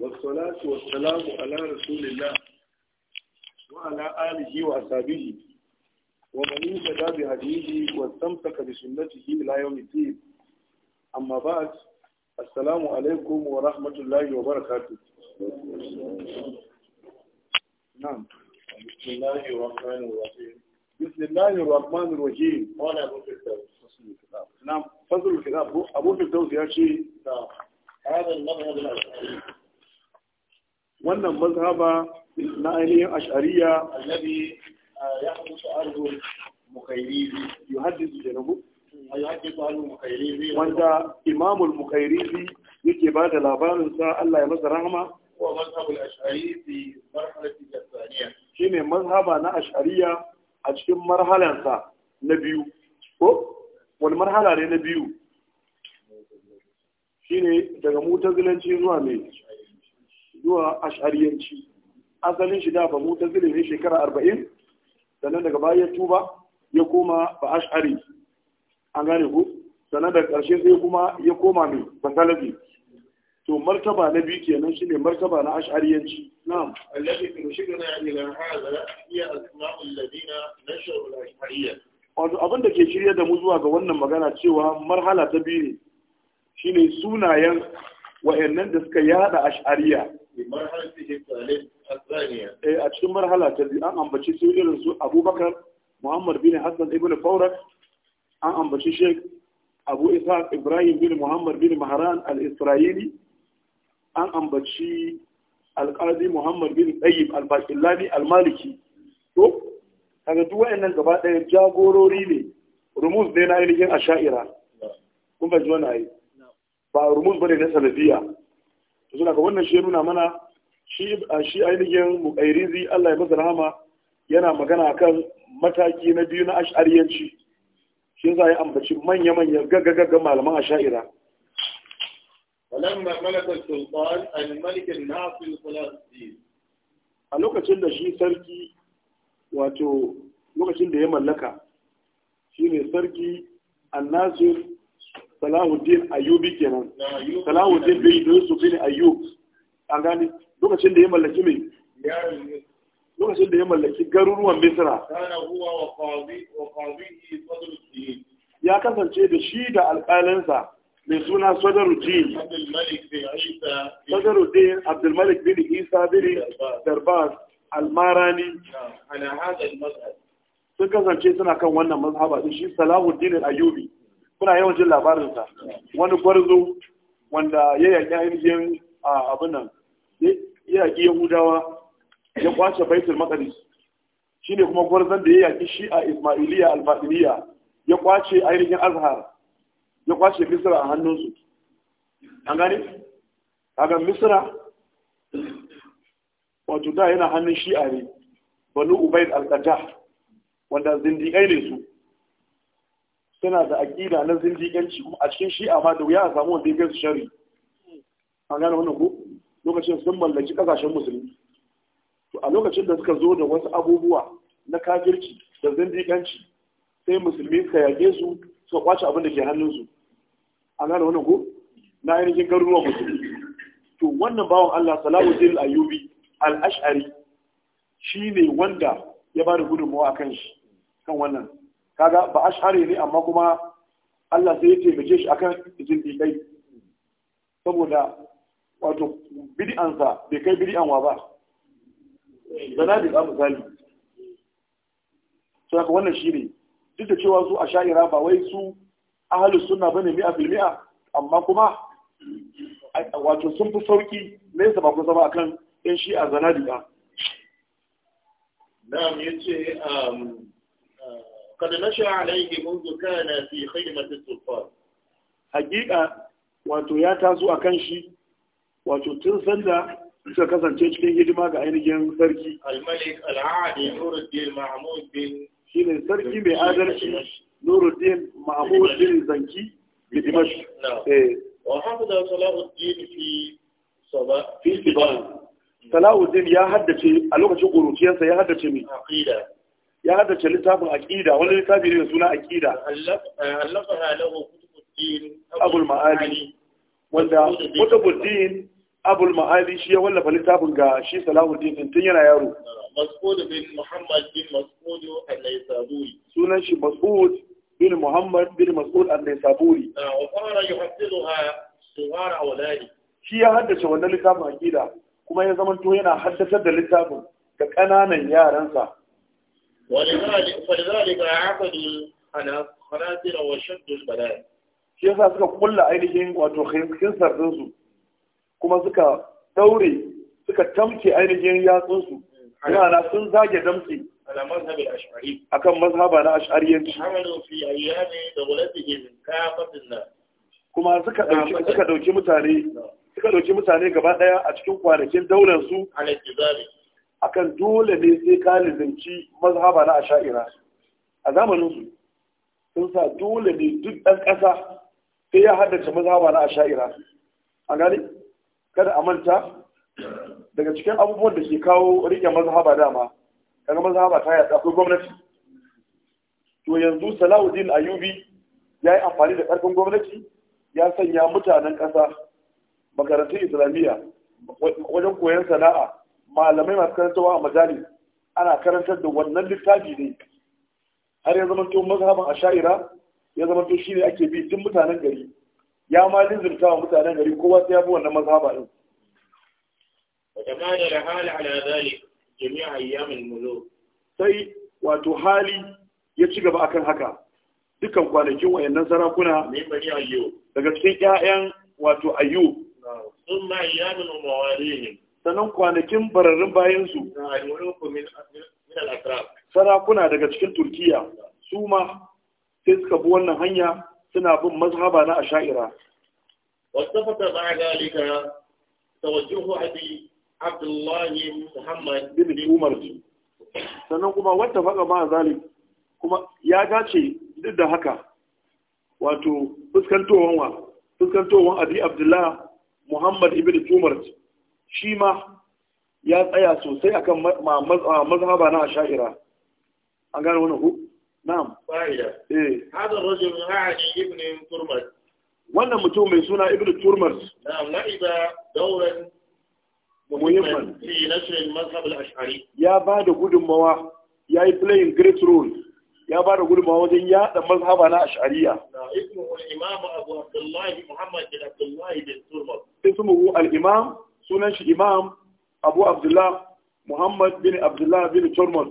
والصلاة والسلام على رسول الله وعلى آله وأصحابه ومن اهتدى بهديه واستمسك بسنته إلى يوم الدين أما بعد السلام عليكم ورحمة الله وبركاته نعم بسم الله الرحمن الرحيم بسم الله الرحمن الرحيم قال أبو فردوس نعم فضل الكتاب أبو فردوس يا شيخ نعم هذا المذهب الأشعري wannan mazhaba na ainihin ash'ariya annabi uh, ya haɗu arzu mukairizi yuhaddisu da nabu wanda imamul mukairizi yake ba da labarinsa Allah ya masa rahama shi ne mazhaba na ash'ariya a cikin marhalansa na biyu ko wani marhala ne na biyu shi ne daga mutazilanci zuwa mai zuwa ash'ariyanci asalin shi da ba mu zile ne shekara arba'in sannan daga baya ya tuba ya koma ba ash'ari an gane ku sannan daga ƙarshe sai kuma ya koma mai basalabi to martaba na biyu kenan shine martaba na ash'ariyanci na'am allazi tushiduna ila hadha hiya asma'ul ladina nashru al-ash'ariyya wato abin da ke shirya da mu zuwa ga wannan magana cewa marhala ta biyu ne shine sunayen wa'annan da suka yada ash'ariya Eh, a cikin marhala ta biyu an ambaci su irin su abubakar muhammad bin hassan ibn faurak an ambaci sheik abu isa ibrahim bin muhammad bin maharan al-isra'ili an ambaci alkazi muhammad bin tsayib al-bakillani al-maliki to kaga duk waɗannan gaba ɗaya jagorori ne rumuz ne na ainihin asha'ira kun ji wani ayi ba rumuz bane na salafiya suna ga wannan shi ya nuna mana shi shi ainihin mukairizi Allah ya masa rahama yana magana akan mataki na biyu na ash'ariyanci shi a yi ambaci manya manyan gaggagaggan malaman ash'ira ولما a lokacin da shi sarki wato lokacin da ya mallaka shi ne sarki annasir salahuddin ayyubi kenan salahuddin bin yusuf bin ayyub an gani lokacin da ya mallaki mai lokacin da ya mallaki garuruwan misra ya kasance da shi da alƙalinsa mai suna sadaruddin sadaruddin abdulmalik bin isa bin darbas almarani sun kasance suna kan wannan mazhaba shi salahuddin ayyubi kuna yawan jin labarinsa wani gwarzo wanda ya yaƙi ainihin abin nan ya yaƙi yahudawa ya kwace baitul maqdis shine kuma gwarzon da ya yaƙi a ismailiya al-fadiliya ya kwace ainihin azhar ya kwace misra a hannunsu an gane kaga misra wato da yana hannun shi'a ne banu ubaid al-qadah wanda zindiƙai ne su suna da aƙida na zindiganci a cikin shi'a ma da wuya a samu wanda ya gaisu shari A gane wannan ko lokacin sun mallaki ƙasashen musulmi to a lokacin da suka zo da wasu abubuwa na kafirci da zindiganci sai musulmi suka yaƙe su suka kwace abin da ke hannunsu A gane wannan ko na ainihin garuruwan musulmi to wannan bawan Allah Salahuddin Ayyubi al-Ash'ari shine wanda ya ba da gudunmawa akan shi kan wannan kaga ba ashari ne amma kuma Allah sai ya taimake shi akan dai. saboda wato bid'ansa bai kai bid'an wa ba zana da za misali sai ka wannan shine duk da cewa su asha'ira ba wai su ahlus sunna bane mi'a bil mi'a amma kuma wato sun fi sauki nesa ba kusa ba akan yan shi'a ba? na'am yace um قد نشا عليه منذ كان في خيمة السلطان حقيقه wato ya taso a kan shi wato tun sanda suka kasance cikin hidima ga ainihin sarki al-malik al-adi nuruddin mahmud bin shine sarki mai adalci nuruddin mahmud bin zanki bi dimash eh wa hafza salahuddin fi saba fi saba salahuddin ya haddace a lokacin qurutiyansa ya haddace mai aqida ya haddace littafin aqida wani littafi ne da suna aqida allafa abul ma'ali wanda abul shi ya wallafa littafin ga shi salahuddin din tun yana yaro bin muhammad bin sunan shi mas'ud bin muhammad bin mas'ud al-laysaburi ah, shi ya haddace wannan littafin aqida kuma ya zamanto yana haddace da littafin ga ƙananan yaransa ولذلك عقدوا الخنازير وشدوا البلايا shi سكا suka kulla ainihin wato kinsar ɗinsu kuma suka daure suka tamke ainihin yatsunsu yana sun zage damtse akan mazhaba na ash'ariyanci kuma suka ɗauki mutane suka ɗauki mutane gaba ɗaya a cikin kwanakin daular su akan dole ne sai ka lizinci mazhaba na asha'ira a zamanin su sun sa dole ne duk ɗan ƙasa sai ya haddace mazhaba na asha'ira a gani kada a manta daga cikin abubuwan da ke kawo riƙe mazhaba dama kaga mazhaba ta yaɗa akwai gwamnati to yanzu salahuddin ayubi ya yi amfani da ƙarfin gwamnati ya sanya mutanen ƙasa makarantun islamiyya wajen koyon sana'a malamai masu karantarwa a majali ana karantar da wannan littafi ne har ya zama to mazhaban asha'ira ya zama to shi ne ake bi duk mutanen gari ya ma lizurta wa mutanen gari kowa sai ya bi wannan mazhaba din da الحال على ذلك جميع أيام الملوك sai wato hali ya ci gaba akan haka dukan kwanakin wayannan sarakuna daga cikin ƴaƴan wato ayyub sannan kwanakin bararrun bayansu sarakuna daga cikin turkiya su ma sai suka bi wannan hanya suna bin mazhaba na asha'ira wasafata ba dalika tawajjuhu abi abdullahi muhammad bin umar sannan kuma wata faka ma a kuma ya dace duk da haka wato fuskantowan wa fuskantowan abi abdullahi muhammad ibn umar shi ma ya tsaya sosai akan mazhaba na sha'ira an gane wani ku na'am eh. ibn turmar wannan mutum mai suna ibn turmar na'am la'iba dauran muhimman fi nashr da mazhab ya yi playing great role ya da gudunmawa wajen yada mazhaba na ash'ariya ismuhu al-imam abu abdullahi muhammad bin abdullah bin turmar ismuhu al-imam sunan shi imam abu abdullah muhammad bin abdullah bin turmut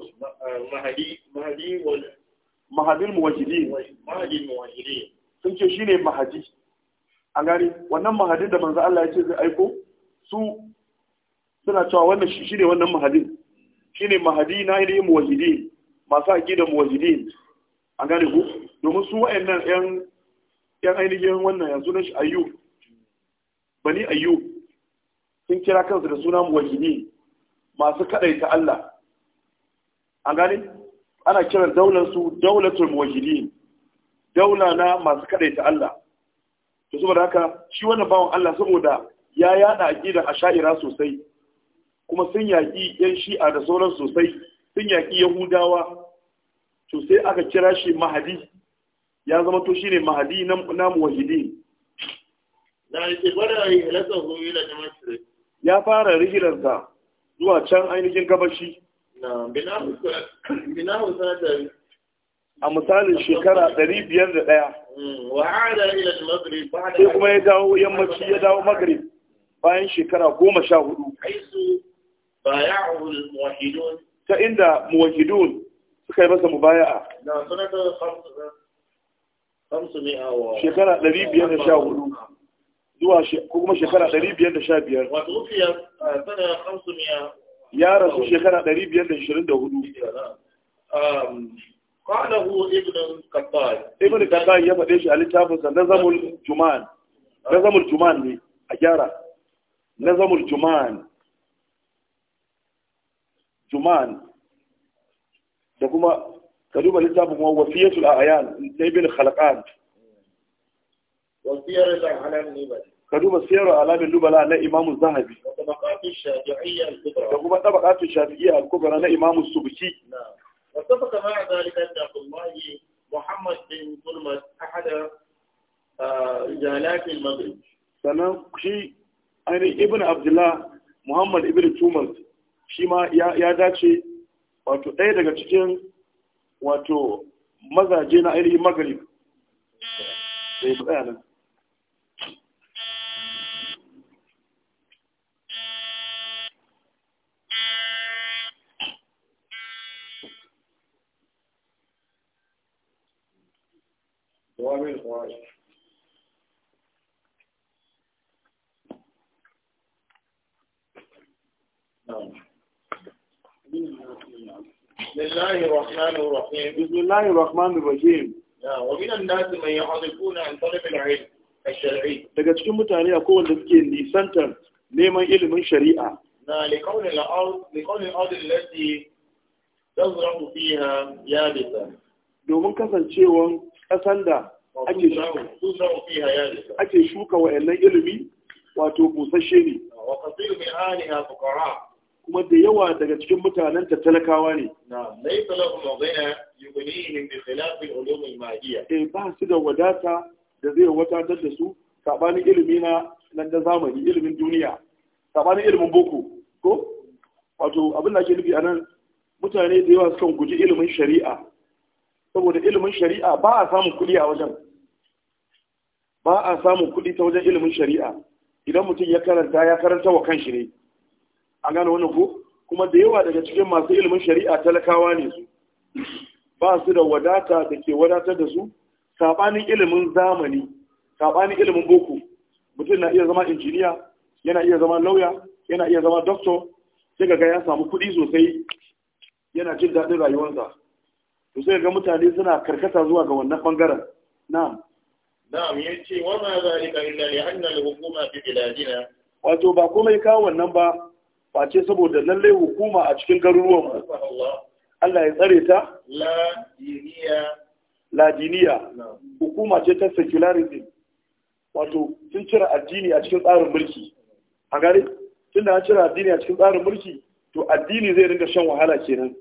mahadin muwahhidin sun ce shi ne mahadi a gari wannan mahadin da manzan Allah ya ce zai aiko su suna cewa wannan shi ne wannan mahadin ne mahadi na ne muwahhidin masu da muwahhidin a gari ku domin su wayannan yan yan ainihin wannan yanzu na shi ayyub bani ayyu sun kira kansu da suna muwahidi masu kadaita Allah an gane ana kiran daular su daulatul muwahidin daula na masu kadaita Allah to saboda haka shi wannan bawan Allah saboda ya yada aqidar asha'ira sosai kuma sun yaki yan shi'a da sauran sosai sun yaki yahudawa to sai aka kira shi mahadi ya zama to shine mahadi na muwahidi da ke gwada halattar ila jama'a ya fara rijilarsa zuwa can ainihin gabashi a misalin shekara 501 hmm, wa'ada ila sai kuma ya dawo yammaci ya dawo magrib bayan shekara 14 goma sha hudu ta inda muwahidun suka yi masa mubaya'a shekara 514 zuwa kuma shekara 515 ya rasu shekara 524 قاله ابن قطان ابن قطان ya faɗe shi a littafinsa nazamul juman nazamul juman ne a gyara nazamul juman juman da kuma ka duba littafin wa wasiyatul ayan ibn khalqan ka duba siyar alamin lubala na imamu zahabi da kuma tabakatun shafi'iyya al-kubra na imamu subuki واتفق مع ذلك أن عبد الله محمد بن تلمس أحد رجالات المغرب sannan shi ainihin ibn abdullah muhammad ibn Tumas shi ma ya dace wato ɗaya daga cikin wato mazaje na ainihin ya sai tsaya nan ومن الخوارج بسم الله الرحمن الرحيم بسم الله الرحمن الرحيم ومن الناس من يحرفون عن طلب العلم الشرعي daga cikin mutane akwai wanda suke nisantar neman ilimin shari'a na liqawl al-ard liqawl al-ard allati tazra'u fiha yabisa domin kasancewan ƙasan da ake shuka wa 'yannan ilimi wato busashe ne kuma da yawa daga cikin mutanen ta talakawa ne E, ba su da wadata da zai wadatar da su sabanin ilimi na nan da zamani ilimin duniya sabanin ilimin boko ko wato abin da ake nufi a nan mutane da yawa sukan guji ilimin shari'a saboda ilimin shari'a ba a samun kuɗi a wajen ba a samun kudi ta wajen ilimin shari'a idan mutum ya karanta ya karanta wa kanshi ne an gane wannan ko kuma da yawa daga cikin masu ilimin shari'a talakawa ne su ba su da wadata da ke wadatar da su sabanin ilimin zamani sabanin ilimin boko mutum na iya zama injiniya yana iya zama lauya yana iya zama doctor sai ga ya samu kuɗi sosai yana jin daɗin rayuwarsa to zai ga mutane suna karkata zuwa ga wannan bangaren na'am na'am yace wa ma zalika illa li anna al-hukuma fi biladina wato ba komai kawo wannan ba face saboda lalle hukuma a cikin garuruwan mu Allah ya tsare ta la diniya la diniya hukuma ce ta secularism wato sun cire addini a cikin tsarin mulki a gare da an cire addini a cikin tsarin mulki to addini zai ringa shan wahala kenan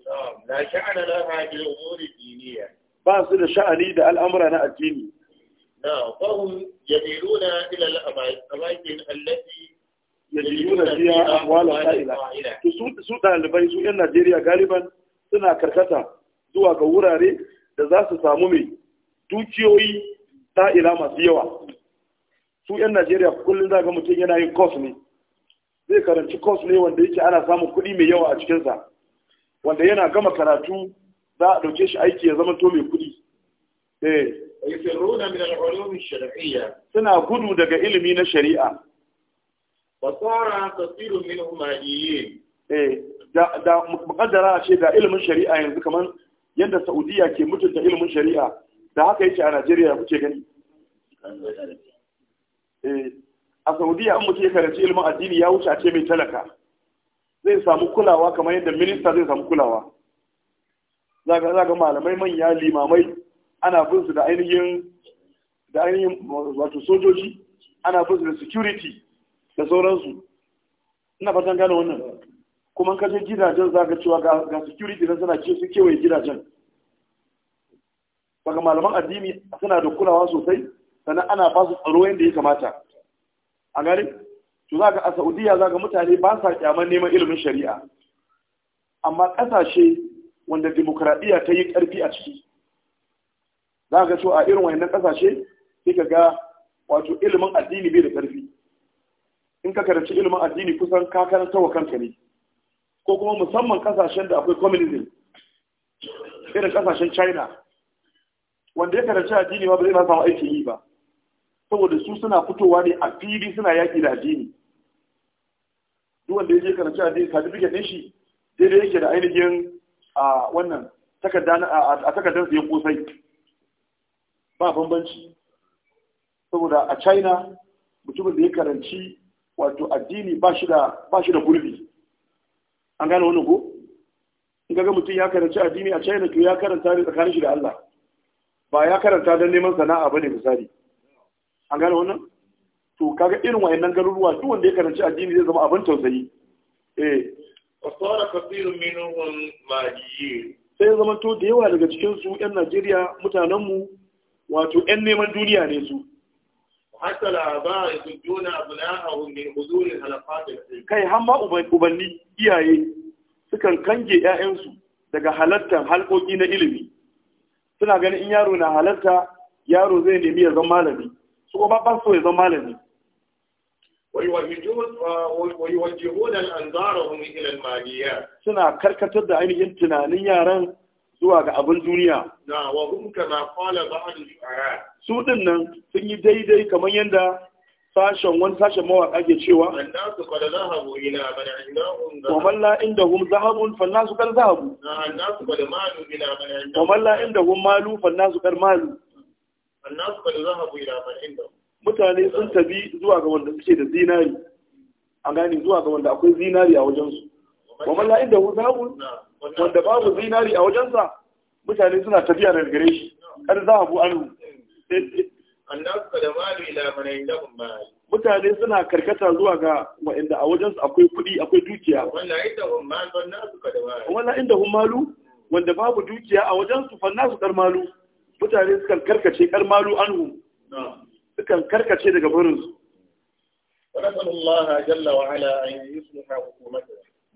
la sha'ana laha bil umuri diniya ba su da sha'ani da al'amura na addini na fahum yadiluna ila al-amakin allati yadiluna fiha amwal sa'ila to su su dalibai su yan Najeriya galiban suna karkata zuwa ga wurare da za su samu mai dukiyoyi sa'ila masu yawa su yan Najeriya kullum za ga mutum yana yin course ne zai karanci kos ne wanda yake ana samun kuɗi mai yawa a cikinsa wanda yana gama karatu za a ɗauke shi aiki ya zama to mai kuɗi eh. suna gudu daga ilimi na shari'a eh, da da ce da ilimin shari'a yanzu kamar yadda Saudiyya ke mutunta ilimin shari'a da haka yake a Najeriya kuke gani a saudiya an mutu ya karanci ilimin addini ya wuce a ce mai talaka zai samu kulawa kamar yadda minista zai samu kulawa zaga zaga malamai manya limamai ana bin su da ainihin da ainihin wato sojoji ana bin su da security da sauransu ina fatan gane wannan kuma ka je gidajen zaka cewa ga security na suna ce su kewaye gidajen daga malaman addini suna da kulawa sosai sannan ana ba su tsaro yadda ya kamata a gari to za ka a saudiya za ka mutane ba sa kyaman neman ilimin shari'a amma ƙasashe wanda demokradiyya ta yi ƙarfi a ciki za ka so a irin wayannan ƙasashe sai ka ga wato ilimin addini bai da ƙarfi in ka karanci ilimin addini kusan ka karanta wa kanka ne ko kuma musamman ƙasashen da akwai communism irin ƙasashen china wanda ya karanci addini ma ba zai ma samu aikin yi ba saboda su suna fitowa ne a fili suna yaƙi da addini duk wanda ya je karanci addini certificate ɗin shi daidai yake da ainihin a wannan a takardar ya kosai ba bambanci saboda a china mutumin da ya karanci wato addini ba shi da gurbi an gane wani ko in ga mutum ya karanci addini a china to ya karanta ne tsakanin shi da allah ba ya karanta don neman sana'a ba ne misali an gane wannan to kaga irin wayannan garuruwa duk wanda ya karanci addini zai zama abin tausayi eh fasara kabiru minhum mahiyyin sai zama to da yawa daga cikin su yan Najeriya mutanen mu wato yan neman duniya ne su hatta su juna abna'ahum min huzuri halafat kai hamma kubanni iyaye sukan kange su daga halartar halƙoƙi na ilimi suna ganin in yaro na halarta yaro zai nemi ya zama malami su ba so ya zama malami ويوجهون karkatar da ainihin tunanin yaran da ainihin tunanin yaran zuwa ga abin duniya. Na wa Su din nan sun yi daidai kamar yadda sashen wani sashen mawaƙa ke cewa. Annasu kada Wa malla zahabun fannasu kar zahabu. malu malu fannasu kar malu. mutane sun tabi zuwa ga wanda suke da zinari a gane zuwa ga wanda akwai zinari a wajensu wa man inda indahu zamu wanda babu zinari a wajensa mutane suna tafiya daga gare shi kar zahabu anhu annasu qad ila man mutane suna karkata zuwa ga wa'inda a wajensu akwai kuɗi akwai dukiya wanda inda hun malu wanda babu dukiya a wajensu fannasu su malu mutane sukan karkace karmalu anhu sukan karkace daga barinsu su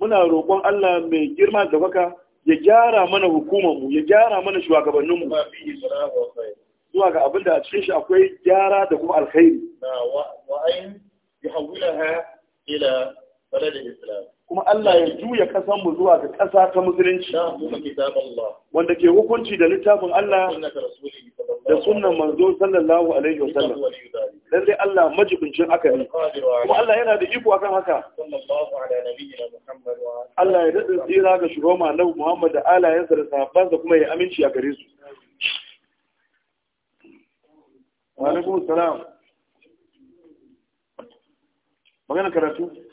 muna roƙon Allah mai girma da baka ya gyara mana hukumarmu ya gyara mana shugabanninmu zuwa ga abin da a cikin shi akwai gyara da kuma alkhairi wa ayin ya hawila ha ila islam kuma Allah ya juya mu zuwa ga ƙasa ta musulunci wanda ke hukunci da littafin Allah da sunan manzo sallallahu alaihi wasallam lalle Allah majibincin haka ne kuma Allah yana da iko akan haka Allah ya dade tsira ga Shugaban Annabi Muhammad da alayansa da sahabbansa kuma ya aminci a gare su wa alaikum salam magana karatu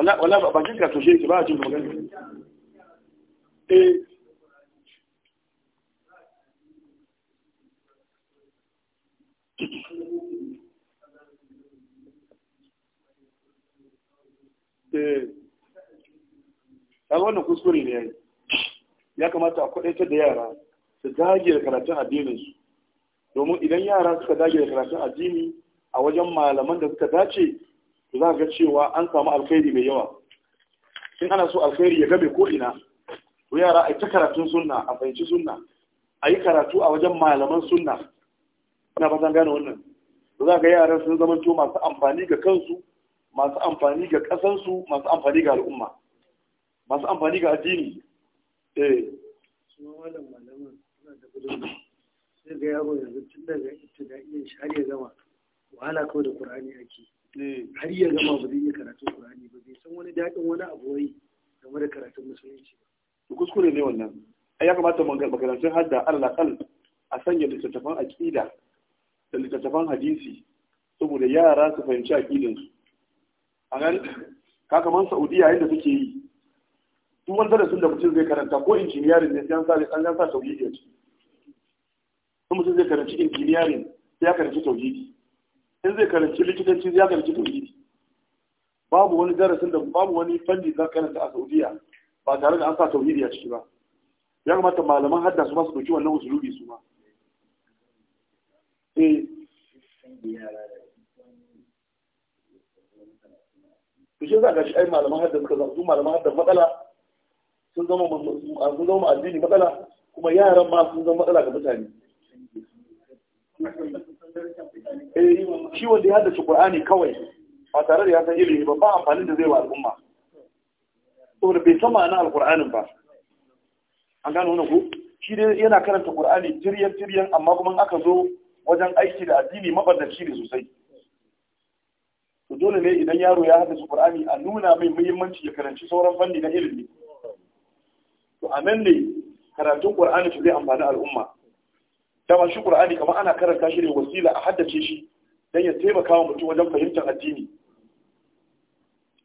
wala ba ba kin ka toshe ke ba jin magana eh. eh kaga wannan kuskure ne ya kamata a kwadaitar da yara su dage da karatun addinin su domin idan yara suka dage da karatun addini a wajen malaman da suka dace za ga cewa an samu alkhairi mai yawa in ana so alkhairi ya gabe ko ina to yara a ta karatun sunna a fahimci sunna a yi karatu a wajen malaman sunna ina ba zan gane wannan za ga yaran sun zama to masu amfani ga kansu masu amfani ga kasansu masu amfani ga al'umma masu amfani ga addini eh sai ga yaro yanzu tun daga ibtida'iyyan shari'a zama wahala kawai da qur'ani ake har ya zama ba zai iya karatun Qur'ani ba bai san wani daɗin wani abu wai game da karatun musulunci ba to kuskure ne wannan ai ya kamata mun ga makarantun hadda Allah kal a sanya littattafan aqida da littattafan hadisi saboda yara su fahimci aƙidansu. su a nan ka kaman Saudiya yadda suke yi duk wani darasin da mutum zai karanta ko injiniyarin ne yan sa an sa tauhidi a ciki mutum zai karanci injiniyarin sai ya karanci tauhidi in zai karanci likitanci ya karanci tauhidi babu wani darasin da babu wani fanni za karanta a saudiya ba tare da an sa tauhidi a ciki ba ya kamata malaman hadda su masu ɗauki wannan usulubi su ma eh shi za ga shi ai malaman hadda suka zama su malaman hadda matsala sun zama sun zama addini matsala kuma yaran ma sun zama matsala ga mutane Eh, shi wanda ya haddace Kur'ani kawai ba tare da ya san ilimi ba ba amfanin da zai wa al'umma saboda bai sama na alƙur'anin ba an gano wani ku shi dai yana karanta Kur'ani tiryan tiryan amma kuma aka zo wajen aiki da addini mabarnaci ne sosai to dole ne idan yaro ya haddace Qur'ani a nuna mai muhimmanci ya karanci sauran fanni na ilimi to a nan ne karatun su zai amfani al'umma dama shi qur'ani kamar ana karanta shi ne wasila a haddace shi dan ya taimaka wa mutum wajen fahimtar addini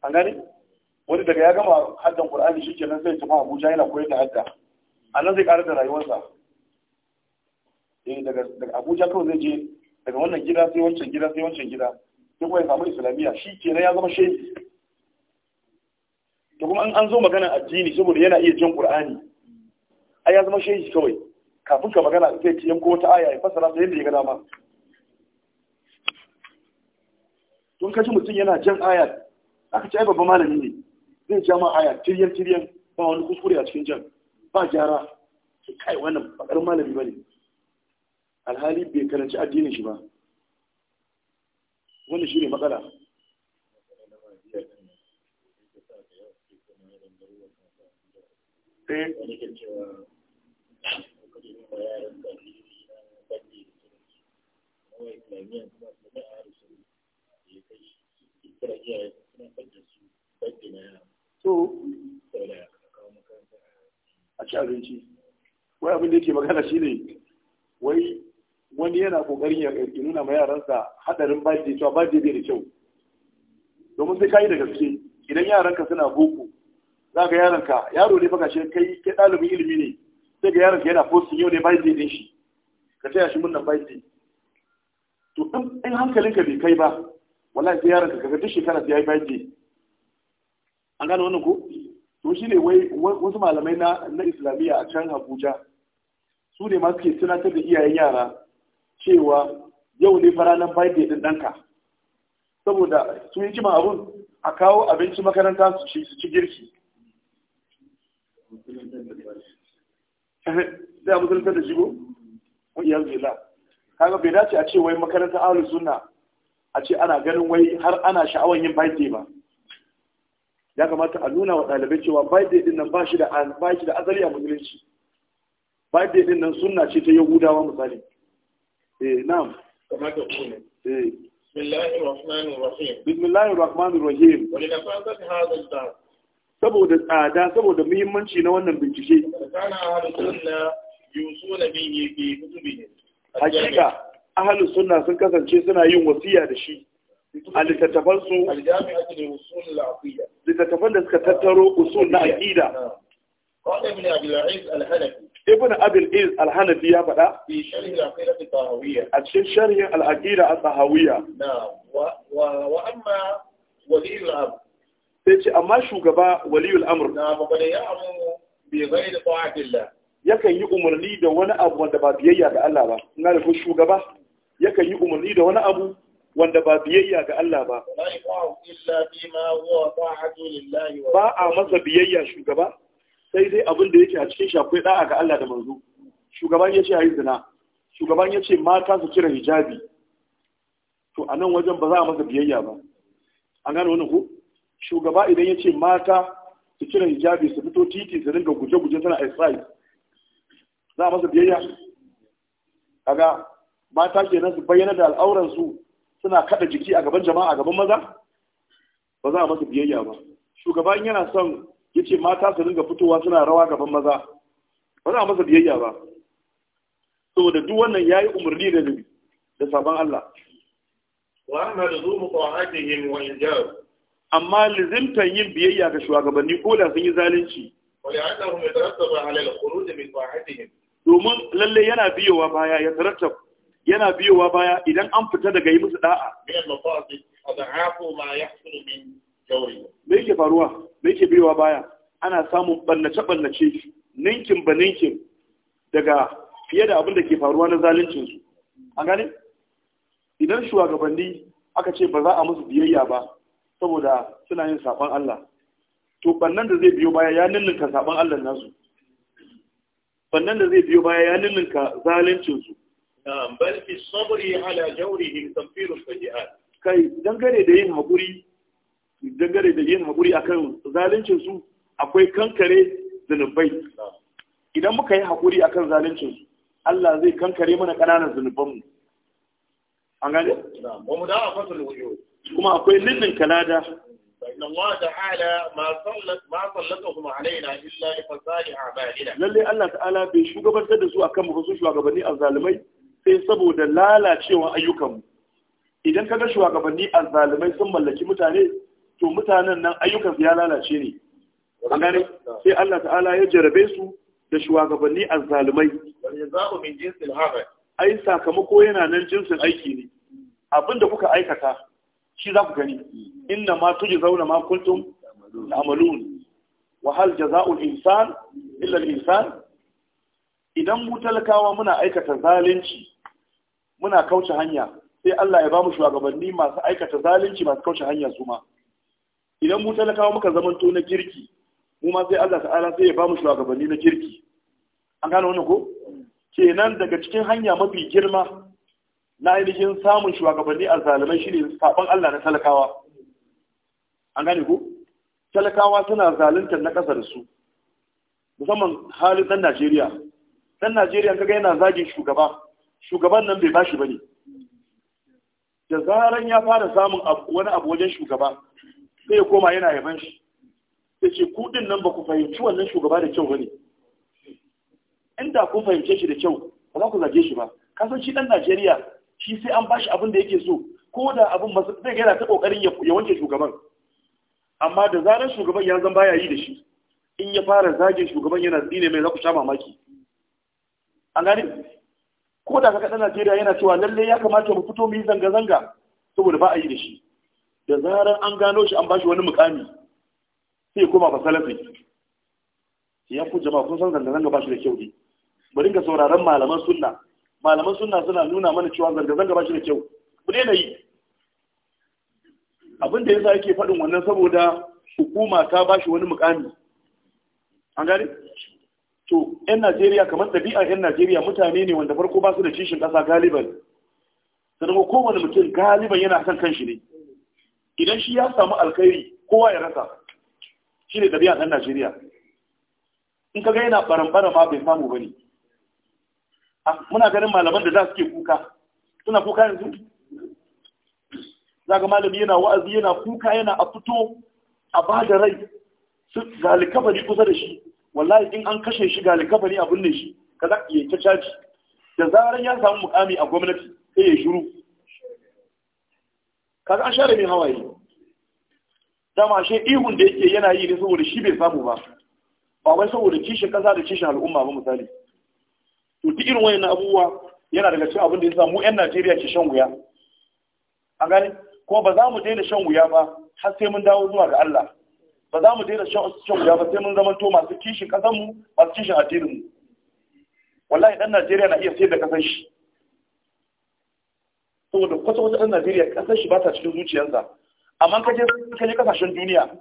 an gane wani daga ya gama haddan qur'ani shi kenan zai tafi Abuja yana koyar da hadda a nan zai ƙara da rayuwarsa eh daga daga Abuja kawai zai je daga wannan gida sai wancan gida sai wancan gida sai kuma ya samu islamiyya shi kenan ya zama shehi to kuma an zo magana addini saboda yana iya jin qur'ani ai ya zama shehi kawai kafin ka magana zai ci yanko wata aya ya fasara sai yadda ya ga dama tun kashi mutum yana jan aya aka ci ai babban malami ne zai ja ma aya tiryan tiryan ba wani kuskure a cikin jan ba gyara kai wannan bakar malami ba ne. alhali bai karanci addinin shi ba wannan ne matsala eh bayanin dalili da kuma a suna su na yara abinci wai abin da yake magana ne, wai wani yana kokarin ya nuna ma yaransa hadarin baje cewa baje bai da kyau domin sai kayi da gaske idan yaranka suna boko za ka yaranka yaro ne baka shi kai kai ɗalibin ilimi ne sai ga yaron yana fosi yau ne bai zai ne shi ka taya shi bai zai to in hankalinka bai kai ba wallahi sai yaron ka kaga duk shekara sai bai zai an gane wannan ko to shi ne wai wasu malamai na na islamiyya a can Abuja su ne ma suke tunatar da iyayen yara cewa yau ne faranan zai din danka saboda su yi kima abun a kawo abinci makaranta su ci girki sai eh, a da shigo ƙungiyar zila kaga bai dace a ce wai makarantar aure sunna a ce ana ganin wai har ana sha'awar yin birthday ba ya kamata a nuna wa ɗalibai cewa birthday din nan ba shi da ba da azali a musulunci birthday din nan sunna ce ta yahudawa misali eh na'am kamata ku ne eh bismillahir rahmanir rahim bismillahir rahmanir rahim wa li hadha al saboda tsada saboda muhimmanci na wannan bincike hakika ahalus suna sun kasance suna yin wasiya da shi a littattafan su littattafan da suka tattaro usul na aqida ibn abil iz alhanafi ya faɗa a cikin sharhin al-aqida al-tahawiyya wa amma walil ab sai ce amma shugaba waliyul amr na ya amu yakan yi umarni da wani abu wanda ba biyayya ga Allah ba ina da ko shugaba yakan yi umarni da wani abu wanda ba biyayya ga Allah ba ba a masa biyayya shugaba sai dai abin da yake a cikin shakwai da'a ga Allah da manzo shugaban ya ce a yi zina shugaban ya ce mata su cire hijabi to a nan wajen ba za a masa biyayya ba an gane wani ku shugaba idan ya ce mata su cire hijabi su fito titi su ringa guje-guje suna exercise za a masa biyayya kaga mata ke nan su bayyana da al'auransu suna kada jiki a gaban jama'a a gaban maza ba za a masa biyayya ba shugaban yana son ya ce mata su ringa fitowa suna rawa gaban maza ba za a masa biyayya ba saboda duk wannan ya yi umarni da da sabon Allah wa da zuwa mutuwa hajjihim wa injar amma lizimtan yin biyayya ga shugabanni ko da sun yi zalunci domin lalle yana biyowa baya ya tarattab yana biyowa baya idan an fita daga yi musu da'a me yake faruwa me yake biyowa baya ana samun ballace ballace ninkin ba ninkin daga fiye da abin da ke faruwa na zaluncinsu an gane idan shugabanni aka ce ba za a musu biyayya ba saboda suna yin saban Allah to bannan da zai biyo baya ya nillinka saban Allah nasu bannan da zai biyo baya ya ninninka zalincin Balfi, na'am bal jauri sabri ala jawrihim tanfirul faji'at kai dangane da yin haƙuri, dangane da yin haƙuri akan zalincin akwai kankare zunubai idan muka yi haƙuri akan zalincin Allah zai kankare mana ƙananan zunubanmu an gane wa mudafa'atul wujud kuma akwai ninnin kalada فإن الله تعالى ما صلت ما صلتهم da su akan mu su shugabanni azzalumai sai saboda lalacewa ayyukan idan ka ga shugabanni azzalumai sun mallaki mutane to mutanen nan ayyukan su ya lalace ne an gane sai Allah ta'ala ya jarabe su da shugabanni azzalumai wal jaza'u min jinsil ai sakamako yana nan jinsin aiki ne abin da kuka aikata shi za ku gani inna ma tuji zauna ma kuntum amalun wa hal jaza'ul insan illa al-insan idan mu talakawa muna aikata zalunci muna kauce hanya sai Allah ya ba mu shugabanni masu aikata zalunci masu kauce hanya su ma idan mu talakawa muka zamanto na kirki mu ma sai Allah ta'ala sai ya ba mu shugabanni na kirki an gane wannan ko kenan daga cikin hanya mafi girma na ainihin samun shugabanni a zalimai shine saban Allah na talakawa an gane ko talakawa suna zaluntar na kasar su musamman halin dan Najeriya dan Najeriya kaga yana zagin shugaba shugaban nan bai bashi bane da zaran ya fara samun wani abu wajen shugaba sai ya koma yana yaban shi sai ce kudin nan ba ku fahimci wannan shugaba da kyau bane inda kun fahimce shi da kyau ba za ku zage shi ba kasan shi dan Najeriya shi sai an bashi abin da yake so ko da abin masu zai gaira ta kokarin ya wanke shugaban amma da zarar shugaban ya zan baya yi da shi in ya fara zage shugaban yana ne mai za ku sha mamaki an gane ko da ka dan Najeriya yana cewa lalle ya kamata mu fito mu yi zanga zanga saboda ba a yi da shi da zarar an gano shi an bashi wani mukami sai ya koma ba salafi ya ku jama'a kun san zanga zanga ba shi da kyau ne bari rinka sauraron malaman sunna malaman sunna suna nuna mana cewa zanga-zanga ba shi da kyau ku dai yi abin da yasa yake faɗin wannan saboda hukuma ta ba shi wani mukami an gane to yan najeriya kamar ɗabi'a yan najeriya mutane ne wanda farko ba su da kishin ƙasa galiban sannan kowane mutum galiban yana kan kanshi ne idan shi ya samu alkhairi kowa ya rasa shi ne ɗabi'a ɗan najeriya in ka ga yana ɓaramɓara ma bai samu ba ne muna ganin malaman da za su ke kuka suna kuka yanzu ga malami yana wa'azi yana kuka yana a fito a ba da rai su ga kusa da shi wallahi in an kashe shi ga likafani abin ne shi za ya ta caji da zarar ya samu mukami a gwamnati sai ya shiru Kada an share min hawaye dama shi ihun da yake yana yi ne saboda shi bai samu ba ba wai saboda kishin kasa da kishin al'umma ba misali to duk irin wayannan abubuwa yana daga cikin abin da yasa mu 'yan Najeriya ke shan wuya an gani, kuma ba za mu daina shan wuya ba har sai mun dawo zuwa ga Allah ba za mu daina shan wuya ba sai mun zama to masu kishin kasan mu masu kishin addinin mu wallahi dan Najeriya na iya sayar da kasan shi saboda kwata wata dan Najeriya kasan shi ba ta cikin zuciyarsa amma kaje kaje kasashen duniya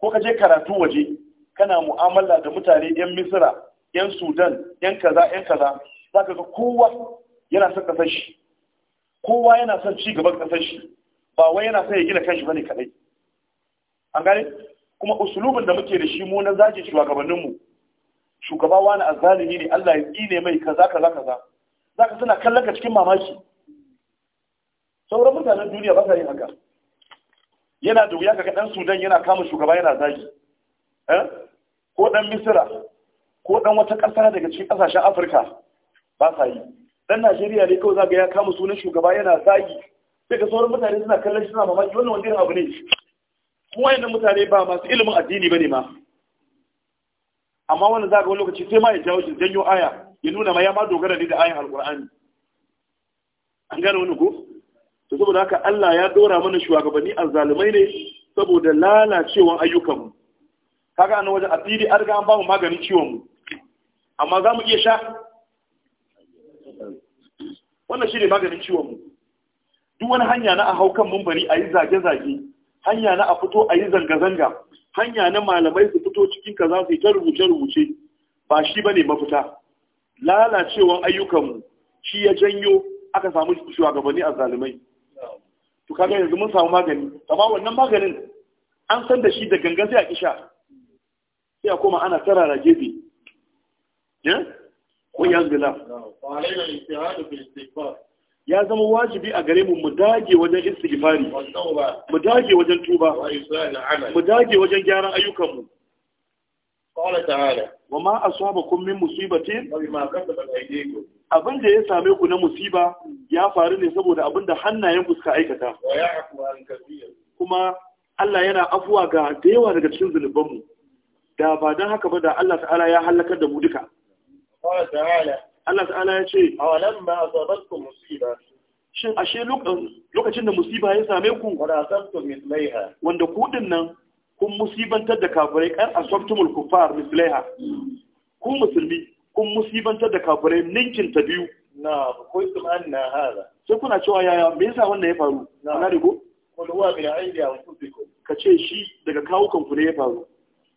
ko kaje karatu waje kana mu'amala da mutane yan Misira yan sudan yan kaza yan kaza za ka ga kowa yana son kasar shi kowa yana son ci gaban kasar shi ba wai yana son ya gina kanshi bane kadai an gane kuma usulubin da muke da shi mu na shugabannin mu shugaba wani azalimi ne Allah ya tsine mai kaza kaza kaza zaka suna kallon ka cikin mamaki sauran mutanen duniya ba sa yin haka yana da wuya kaga dan Sudan yana kama shugaba yana zagi eh ko dan Misira ko dan wata ƙasa daga cikin ƙasashen afirka ba sa yi dan najeriya ne kawai zaga ya kama sunan shugaba yana zagi sai ga sauran mutane suna kallon shi suna mamaki wannan wani abu ne kuma yanzu mutane ba masu ilimin addini bane ma amma wani zaga wani lokaci sai ma ya jawo shi janyo aya ya nuna ma ya ma dogara ne da ayan Alƙur'ani. an gane wani ko to saboda haka Allah ya dora mana shugabanni azzalumai ne saboda lalacewan ayyukanmu kaga nan wajen addini an riga an ba maganin ciwon mu amma za mu iya sha wannan shi ne maganin mu. duk wani hanya na a hau kan mumbari a yi zage-zage hanya na a fito a yi zanga-zanga hanya na malamai su fito cikin ka za su yi ta rubuce-rubuce ba shi ba ne mafita lalacewan ayyukanmu shi ya janyo aka samu shugabanni a zalimai to kaga yanzu mun samu magani amma wannan maganin an san da shi da gangan sai a kisha sai a koma ana tarara gefe ya ya zama wajibi a gare mu mu dage wajen istighfari mu dage wajen tuba mu dage wajen gyaran ayyukanmu qala ta'ala ma asabakum min musibatin abin da ya same ku na musiba ya faru ne saboda abin da hannayen ku suka aikata kuma Allah yana afuwa ga da yawa daga cikin zunubanmu da ba don haka ba da Allah ta'ala ya halakar da mu duka قال تعالى Allah ta'ala ya ce awalan ma asabatku musiba shin ashe lokacin da musiba ya same ku wala asabtu mislaiha wanda ku nan kun musibantar da kafirai kan asabtumul kufar mislaiha ku musulmi kun musibantar da kafirai ninkin ta biyu na kuntum anna hada sai kuna cewa yaya me yasa wannan ya faru na da ko kul huwa bil aidi Ka ce shi daga kawukan ku ne ya faru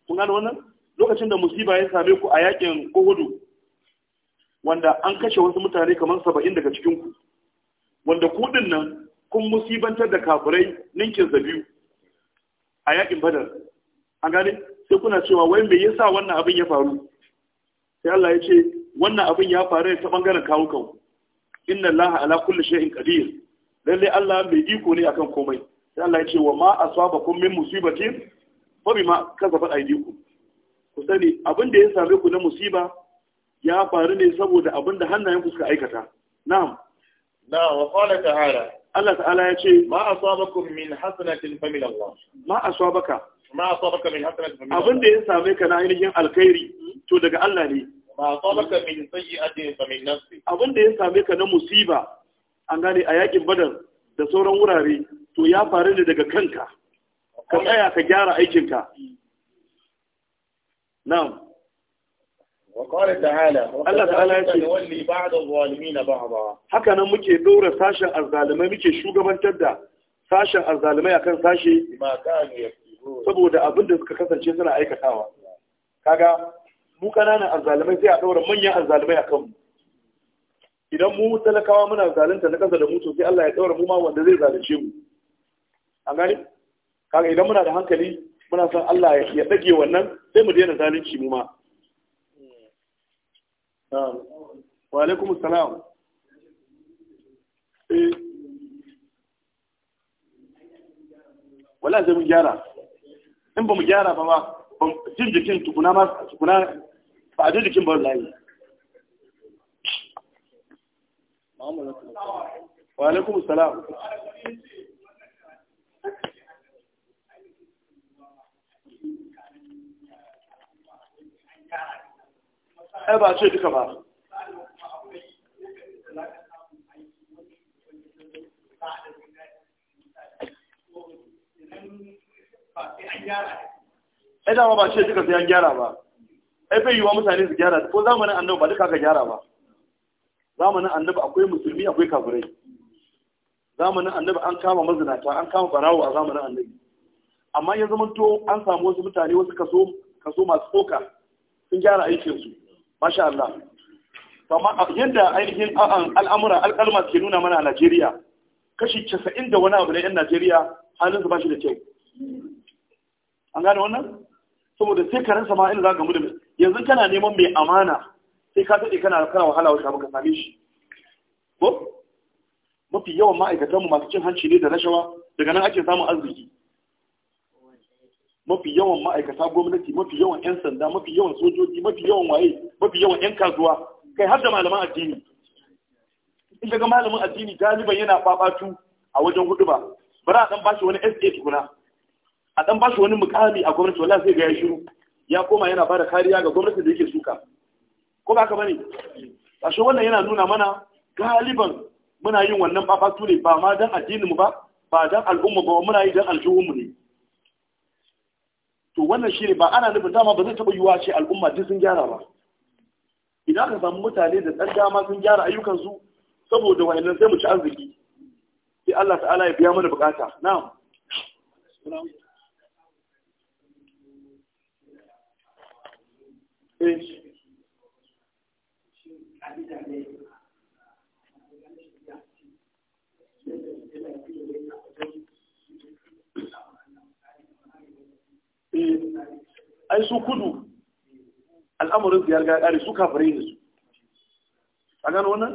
kun gane wannan lokacin da musiba ya same ku a yakin Uhudu wanda an kashe wasu mutane kamar saba'in daga cikinku wanda kuɗin nan kun musibantar da kafirai ninkin biyu a yakin badar an gane sai kuna cewa wai me yasa wannan abin ya faru sai Allah ya ce wannan abin ya faru ne ta bangaren kawo kawo inna Allah ala kulli shay'in qadir lalle Allah mai iko ne akan komai sai Allah ya ce wa ma asabakum min musibatin fa bima kasabat aydikum ku sani abin da ya same ku na musiba ya faru ne saboda abin da hannayen suka aikata na'am na'am wa qala ta'ala Allah ta'ala ya ce ma asabakum min hasanatin fa min Allah ma asabaka ma asabaka min hasanatin fa min Allah abin da ya same ka na ainihin alkhairi to daga Allah ne ma asabaka min sayyi'atin fa min nafsi abin da ya same ka na musiba an gane a yakin badar da sauran wurare to ya faru ne daga kanka ka tsaya ka gyara aikinka na'am وقال haka nan muke dora sashen azzalimai muke shugabantar da sashen azzalimai akan sashe saboda abin da suka kasance suna aikatawa kaga mu kananan azzalimai sai a daura manyan azzalimai akan mu idan mu talakawa muna zalunta na kasa da mu sai Allah ya daura mu ma wanda zai zalunce mu an gani kaga idan muna da hankali muna son Allah ya dage wannan sai mu daina zalunci mu ma wa alaikum salam eh. wala sai mun gyara in ba mu gyara ba ba jin jikin tukuna ma tukuna ba jin jikin ba zai wa alaikum salam ai ba ce duka ba ai dama ba ce duka sai an gyara ba ai bai wa mutane su gyara ko zamanin annabi ba duka ka gyara ba zamanin annabi akwai musulmi akwai kafirai zamanin annabi an kama mazinata an kama barawo a zamanin annabi amma ya zama to an samu wasu mutane wasu kaso kaso masu tsoka sun gyara aikinsu masha Allah amma yadda ainihin al'amura alƙalma ke nuna mana a Najeriya kashi casa'in da wani abu na 'yan Najeriya halinsu ba shi da kyau an gane wannan saboda sai ka rasa ma za ka da yanzu kana neman mai amana sai ka daɗe kana kana wahala wa shafi ka same shi ko mafi yawan ma'aikatanmu masu cin hanci ne da rashawa daga nan ake samun arziki mafi yawan ma'aikata gwamnati mafi yawan 'yan sanda mafi yawan sojoji mafi yawan waye mafi yawan 'yan kasuwa kai har da malaman addini in ga malamin addini galiban yana babatu a wajen hudu ba bari a dan bashi wani SA tukuna a dan bashi wani mukami a gwamnati wala sai ga ya shiru ya koma yana bada kariya ga gwamnati da yake suka ko ba ka bane shi wannan yana nuna mana galiban muna yin wannan babatu ne ba ma dan addinin mu ba ba dan al'umma ba muna yi dan aljihun ne to wannan shi ne ba ana nufin dama ba zai taɓa yiwuwa ce al'umma duk sun gyara ba idan aka samu mutane da ɗan dama sun gyara ayyukansu saboda wa'annan sai mu ci arziki sai Allah ta'ala ya biya mana bukata na'am eh ai su kudu al'amarin su ya riga su kafirai ne su a gano wannan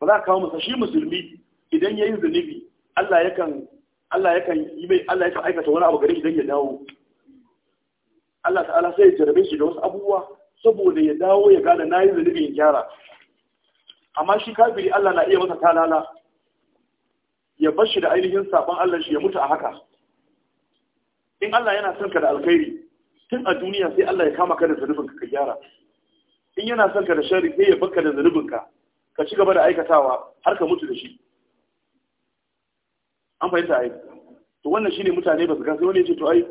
ba za a kawo masa shi musulmi idan ya yi zunubi Allah yakan kan yi mai Allah yakan aikata wani abu gari idan ya dawo Allah ta'ala sai ya jarabe shi da wasu abubuwa saboda ya dawo ya gane na yi zunubi in gyara amma shi kafiri Allah na iya masa talala ya bar shi da ainihin saban Allah shi ya mutu a haka in Allah yana son ka da alkhairi tun a duniya sai Allah ya kama ka da zanubinka ka gyara in yana son ka da shari sai ya baka da zanubinka ka ci gaba da aikatawa har ka mutu da shi an fahimta ai to wannan shine mutane ba su gasa wani ce to ai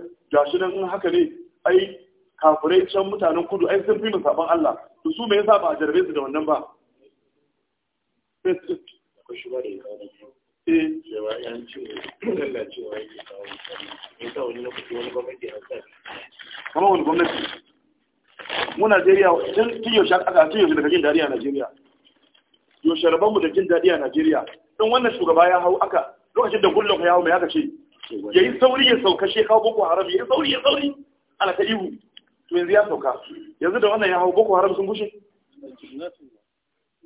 shi nan in haka ne ai kafirai can mutanen kudu ai sun fi mu saban Allah to su me yasa ba a jarabe su da wannan ba cewa yan ce lalacewa yake kawo ya sa wani lokaci wani gwamnati a kan Kuma wani gwamnati mu Najeriya tun tun yaushe aka tun yaushe daga jin daɗi a Najeriya yaushe rabon mu da jin daɗi a Najeriya don wannan shugaba ya hau aka lokacin da gullon ya hau mai aka ce yayi sauri ya sauka shi kawo Boko Haram yayi sauri ya sauri ala ta ihu to yanzu ya sauka yanzu da wannan ya hau Boko Haram sun gushe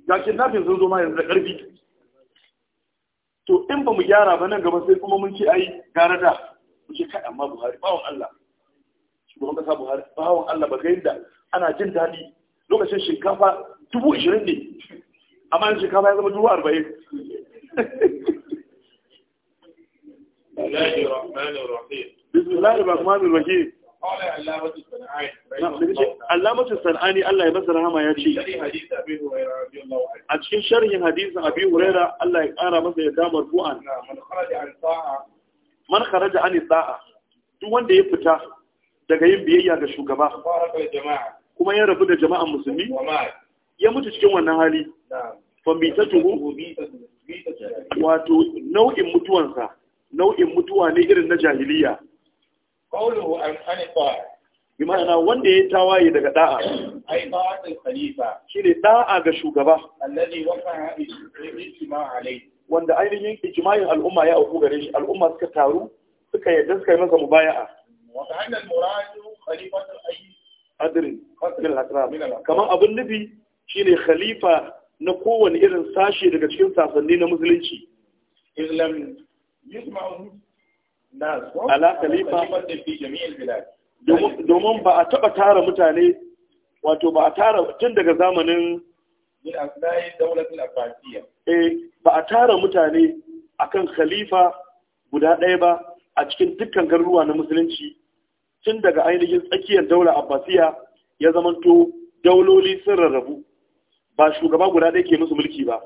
ga kidnapping sun zo ma yanzu da ƙarfi to in ba mu gyara ba nan gaba sai kuma mun ce ai gara da mu ce kai amma Buhari bawon Allah shugaban kasa Buhari bawon Allah ba ga da ana jin daɗi lokacin shinkafa dubu ne amma yin shinkafa ya zama dubu arba'in بسم الله الرحمن الرحيم Allamatu San'ani Allah ya masa rahama ya ce, A cikin sharhin hadisin Abi Huraira Allah ya ƙara masa ya damar bu'an. Man kharaja an sa'a, duk wanda ya fita daga yin biyayya ga shugaba, kuma ya rabu da jama'an musulmi, ya mutu cikin wannan hali, fambitatuhu, wato nau'in mutuwansa, nau'in mutuwa ne irin na jahiliya. qawluhu an anifa bi ma'ana wanda ya yi tawaye daga da'a ai ba'atul khalifa shi ne da'a ga shugaba ne alladhi waqa'a ijma' alayhi wanda ainihin ijma'in al'umma ya auku gare shi al'umma suka taru suka yadda suka yi masa mubaya'a wa kana al-muradu khalifatu ayyi adrin min al-akram kaman abin nufi shi ne khalifa na kowane irin sashe daga cikin sasanni na musulunci islam yujma'u ala domin ba a taba tara mutane wato ba a tara tun daga zamanin eh, ba a tara mutane akan khalifa guda ɗaya ba a cikin dukkan garuruwa na musulunci tun daga ainihin tsakiyar daular abbasiya ya zamanto dauloli sun rarrabu ba shugaba guda ɗaya ke musu mulki ba.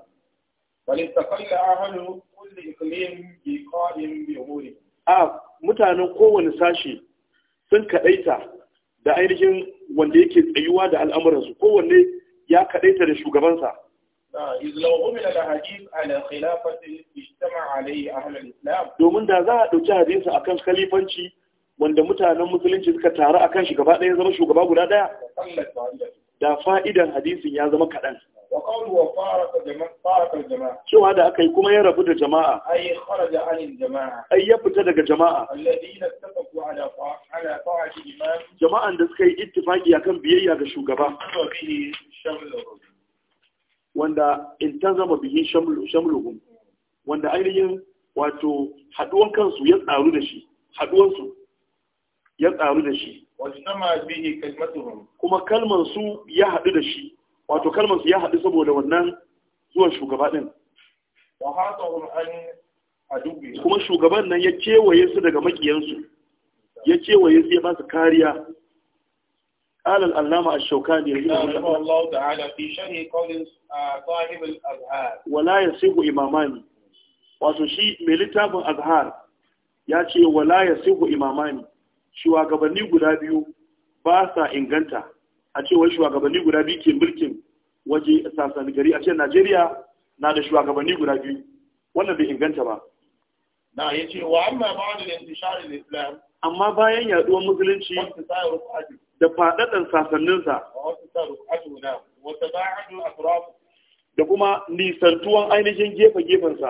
tafalla iklim bi bi a mutanen kowane sashi sun kadaita da ainihin wanda yake tsayuwa da al'amuransu kowanne ya kadaita da shugabansa domin da za a ɗauki hadisa akan kalifanci, wanda mutanen musulunci suka taru akan shi gaba ɗaya zama shugaba guda ɗaya da fa'idan hadisin ya zama kaɗan wa cewa da aka yi kuma ya rabu da jama'a ay jama'a ya fita daga jama'a alladina jama'an da suka yi ittifaki akan biyayya ga shugaba wanda in tazama bihi shamlu shamluhum wanda ainihin wato haduwan kansu ya tsaru da shi haduwan ya tsaru da shi kuma kalman su ya hadu da shi wato kalmar ya haɗu saboda wannan zuwan shugaba ɗin kuma shugaban nan ya kewaye su daga makiyansu ya kewaye su ya ba su kariya قال العلامة الشوكاني رحمه الله تعالى في شرح قول صاحب shi ولا littafin إمامان ya ملتاب wala ya ولا يصيب إمامان guda biyu قلابيو باسا إنغنتا a ce wai shugabanni guda biyu ke mulkin waje sasan gari a ce Najeriya na da shugabanni guda biyu wannan bai inganta ba na ya ce wa amma da intisharin islam amma bayan yaduwar musulunci da faɗaɗan sasanninsa da kuma nisantuwan ainihin gefe-gefensa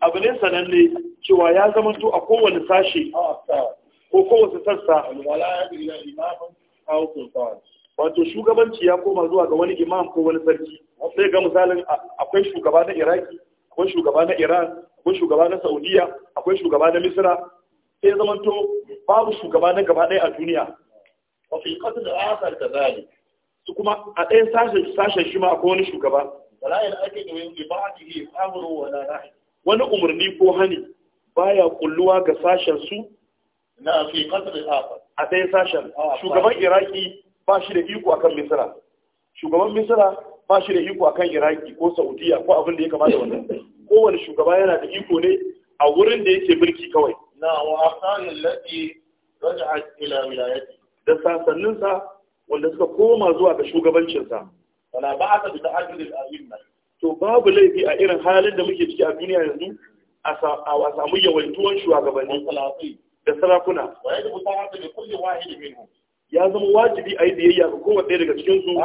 abu ne sananne cewa ya zamanto a kowane sashe ah, ko wasu sassa ya wato shugabanci ya koma zuwa ga wani imam ko wani sarki sai ga misalin akwai shugaba na iraki akwai shugaba na iran akwai shugaba na saudiya akwai shugaba na misra sai ya zamanto babu shugaba na gaba ɗaya a duniya wafi kasu da asar da zali su kuma a ɗayan sashen shi ma akwai wani shugaba wani umarni ko hani baya kulluwa ga sashen su na fi a ɗaya sashen ah, shugaban iraki ba shi da iko akan Misira, shugaban misira ba shi da iko akan iraki ko saudiya ko abin da ya kamata wannan kowane shugaba yana da iko ne a wurin da yake mulki kawai na wa asani allati raj'at ila wilayati da sasannin sa wanda suka koma zuwa ga shugabancin sa wala ba'ata bi ta'addud al to babu laifi a irin halin da muke ciki a duniya yanzu a samu yawaituwan shugabanni da sarakuna ya zama wajibi a yi biyayya ga kowa ɗaya daga cikin su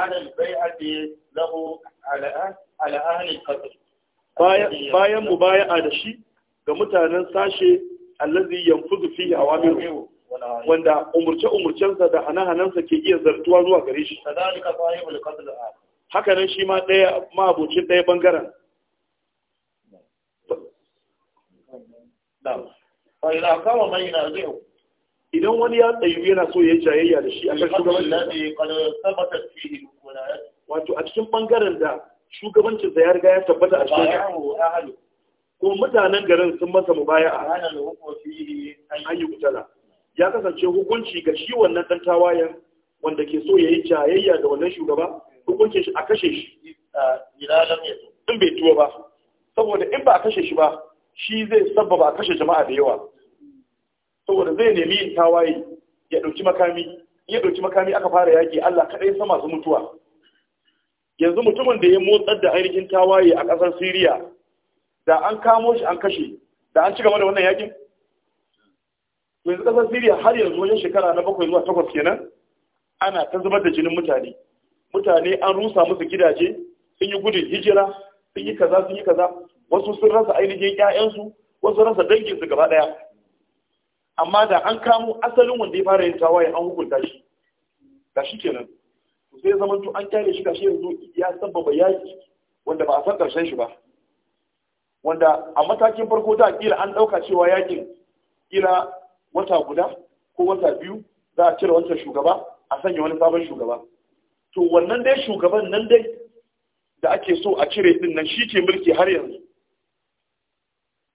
ah-, bayan mu baya a da shi ga mutanen sashe allazi da fi awamiru wanda umurce-umurcensa da hana-hanansa ke iya zartuwa zuwa gare shi haka nan shi ma ɗaya ma'abocin ɗaya bangaren fa kawo qama man yanazi'u idan wani ya tsayu yana so ya jayayya da shi akan shugabanci wato a cikin bangaren da shugabancin da ya riga ya tabbata a cikin ko mutanen garin sun masa baya a. yi kutala ya kasance hukunci ga shi wannan dan tawayen wanda ke so ya yi jayayya da wannan shugaba hukuncin shi a kashe shi in bai tuwo ba saboda in ba a kashe shi ba shi zai sabbaba a kashe jama'a da yawa saboda zai nemi yin tawaye ya ɗauki makami ya ɗauki makami aka fara yaƙi Allah kaɗai sa masu mutuwa yanzu mutumin da ya motsar da ainihin tawaye a ƙasar Siriya da an kamo shi an kashe da an ci gaba da wannan yaƙin yanzu ƙasar Siriya har yanzu wajen shekara na bakwai zuwa takwas kenan ana ta zubar da jinin mutane mutane an rusa musu gidaje sun yi gudun hijira sun yi kaza sun yi kaza wasu sun rasa ainihin ƴaƴansu wasu rasa danginsu gaba ɗaya amma da an kamo asalin wanda ya fara yin tawaye an hukunta shi ga shi kenan sai zama to an kyale shi gashi yanzu ya sababa yaki wanda ba a san karshen shi ba wanda a matakin farko da kila an ɗauka cewa yakin kila wata guda ko wata biyu za a cire wancan shugaba a sanya wani sabon shugaba to wannan dai shugaban nan dai da ake so a cire din nan shi ke mulki har yanzu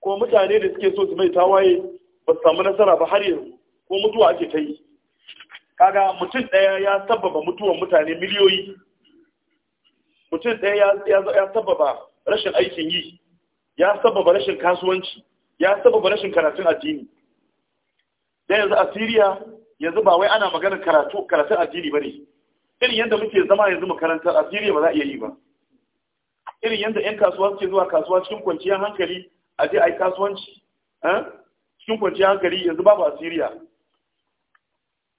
ko mutane da suke so su mai tawaye ba su samu nasara ba har yanzu ko mutuwa ake ta yi kaga mutum ɗaya ya sababa mutuwan mutane miliyoyi mutum ɗaya ya sababa rashin aikin yi ya sababa rashin kasuwanci ya sababa rashin karatun addini da yanzu a Siriya yanzu ba wai ana maganar karatu karatun addini ba ne. irin yadda muke zama yanzu makarantar a Siriya ba za a iya yi ba irin yadda 'yan kasuwa suke zuwa kasuwa cikin kwanciyar hankali a je a yi kasuwanci eh? cikin kwanciyar hankali yanzu babu asiriya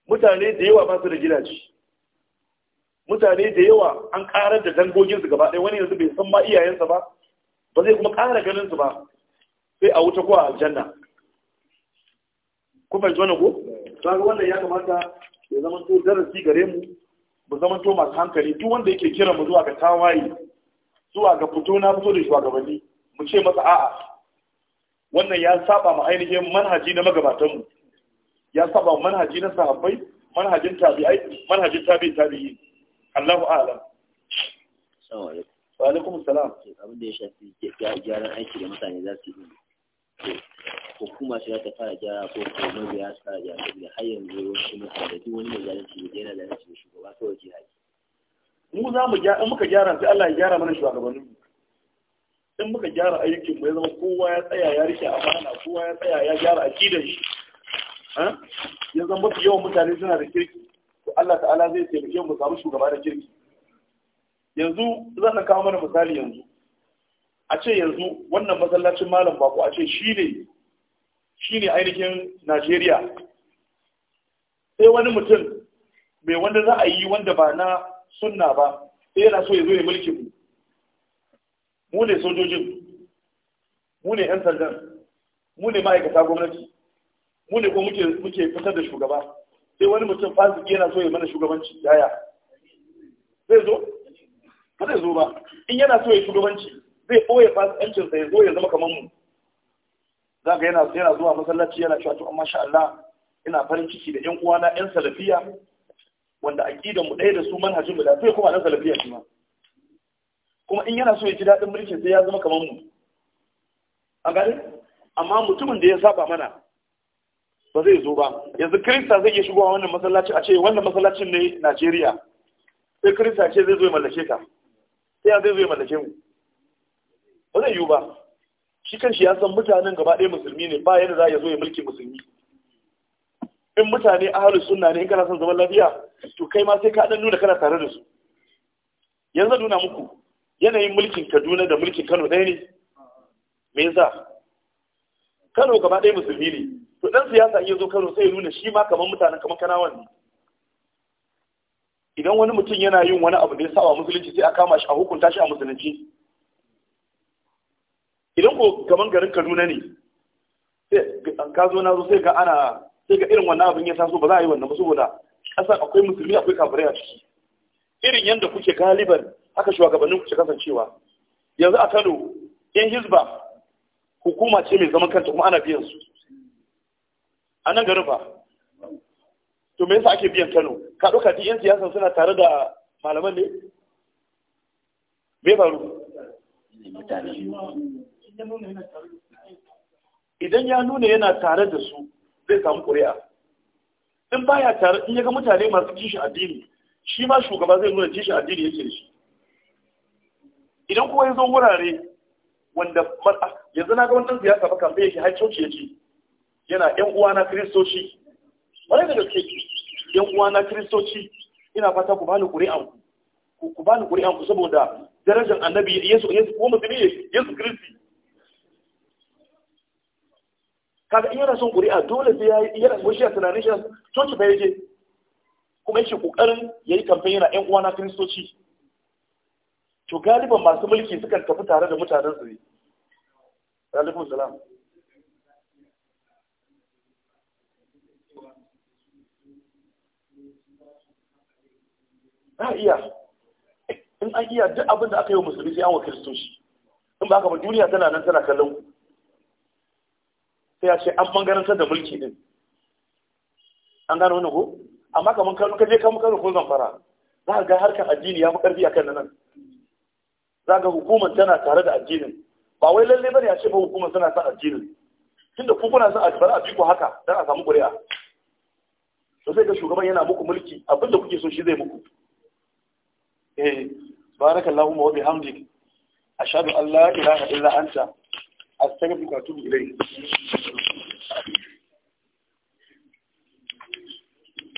mutane da yawa ba su da gidaje mutane da yawa an karar da dangoginsu gaba ɗaya wani yanzu bai san ma iyayensa ba ba zai kuma ganin ganinsu ba sai a wuta ko a aljanna ku fahimci wannan ko kaga wannan ya kamata ya zama to darasi gare mu mu zama to masu hankali duk wanda yake kira mu zuwa ga tawaye zuwa ga fito na fito da shugabanni mu ce masa a'a wannan ya saba ma ainihin manhaji na magabatanmu ya saba manhaji na sahabbai manhajin tabi'ai manhajin tabi'i tabi'i Allahu a'lam assalamu alaikum wa alaikum salam abin da ya shafi gyaran aiki da mutane za su yi hukuma za ta fara gyara ko kuma da ya fara gyara saboda har yanzu wasu mutane duk wani mai zalunci da yana zalunci da shugaba kawai jihadi mu za mu gyara in muka gyara sai Allah ya gyara mana mu. in muka gyara aikin mu ya zama kowa ya tsaya ya rike amana kowa ya tsaya ya gyara akidar shi ya zama mafi yawan mutane suna da kirki to Allah ta'ala zai taimake mu samu shugaba da kirki yanzu zan kawo mana misali yanzu a ce yanzu wannan masallacin malam bako a ce shi ne shi ne ainihin Najeriya sai wani mutum mai wanda za a yi wanda ba na sunna ba sai yana so ya zo ya mulki mu mu ne sojojin mu ne 'yan sandan mu ne ma'aikata gwamnati mu ne kuma muke fitar da shugaba sai wani mutum fasiki yana so ya mana shugabanci yaya zai zo ba zai zo ba in yana so ya shugabanci zai ɓoye fasikancinsa ya zo ya zama kamar mu za yana yana zuwa masallaci yana cewa to amma sha Allah ina farin ciki da ƴan uwana ƴan salafiya wanda aqidan mu ɗaya da su manhajin mu da sai kuma ɗan salafiya shi ma kuma in yana so ya ji daɗin mulkin sai ya zama kamar mu an gani amma mutumin da ya saba mana ba zai zo ba yanzu kirista zai iya shigowa wannan masallaci a ce wannan masallacin ne najeriya sai kirista ce zai zo ya mallake ka sai ya zai zo ya mallake mu ba zai yiwu ba shi kan shi ya san mutanen gaba ɗaya musulmi ne ba yadda za ya zo ya mulki musulmi in mutane ahalus sunna ne in kana son zaman lafiya to kai ma sai ka dan nuna kana tare da su yanzu nuna muku yanayin mulkin kaduna da mulkin kano ɗaya ne me yasa kano gaba ɗaya musulmi ne to ɗan siyasa iya zo kano sai ya nuna shi ma kamar mutanen kamar kanawan ne idan wani mutum yana yin wani abu da ya sawa musulunci sai a kama shi a hukunta shi a musulunci idan ko kamar garin kaduna ne sai ka zo na zo sai ga ana sai ga irin wannan abin ya taso ba za a yi wannan ba saboda ƙasar akwai musulmi akwai kafirai a ciki irin yadda kuke galiban haka shugabannin ku ci kasancewa yanzu a Kano yan hizba hukuma ce mai zaman kanta kuma ana biyan su a nan garin fa to me yasa ake biyan Kano ka ɗauka duk yan siyasa suna tare da malaman ne me faru idan ya nuna yana tare da su zai samu ƙuri'a in baya tare in ya ga mutane masu kishin addini shi ma shugaba zai nuna kishin addini yake da shi idan kuma ya zo wurare wanda yanzu na ga wannan siyasa ba kamfe yake ya yake yana yan uwana kiristoci wani da gaske yan uwana kiristoci ina fata ku bani ƙuri'an ku ku bani ƙuri'an ku saboda darajar annabi yesu yesu ko musulmi yesu kiristi kaga in yana son ƙuri'a dole sai ya yi yana goshi a tunanin shi coci bai je kuma yake ƙoƙarin ya yi kamfe yana yan uwana kiristoci to galiban masu mulki sukan tafi tare da mutanen su ne alaikum salam a iya in an iya duk abin da aka yi wa musulmi sai an wa kiristoci in ba ka ba duniya tana nan tana kallon sai ya ce an bangarantar da mulki din an gano wani ko amma kamar ka kaje kamar kallon ko zamfara za a ga harkar addini ya fi karfi a kan nan za ga hukumar tana tare da addinin ba wai lalle bane a ce ba hukumar tana sa addinin tunda ku kuna son addini a ku haka dan a samu ƙuri'a to sai ga shugaban yana muku mulki abin da kuke so shi zai muku eh barakallahu wa bihamdik ashhadu an la ilaha illa anta astaghfiruka wa atubu ilayk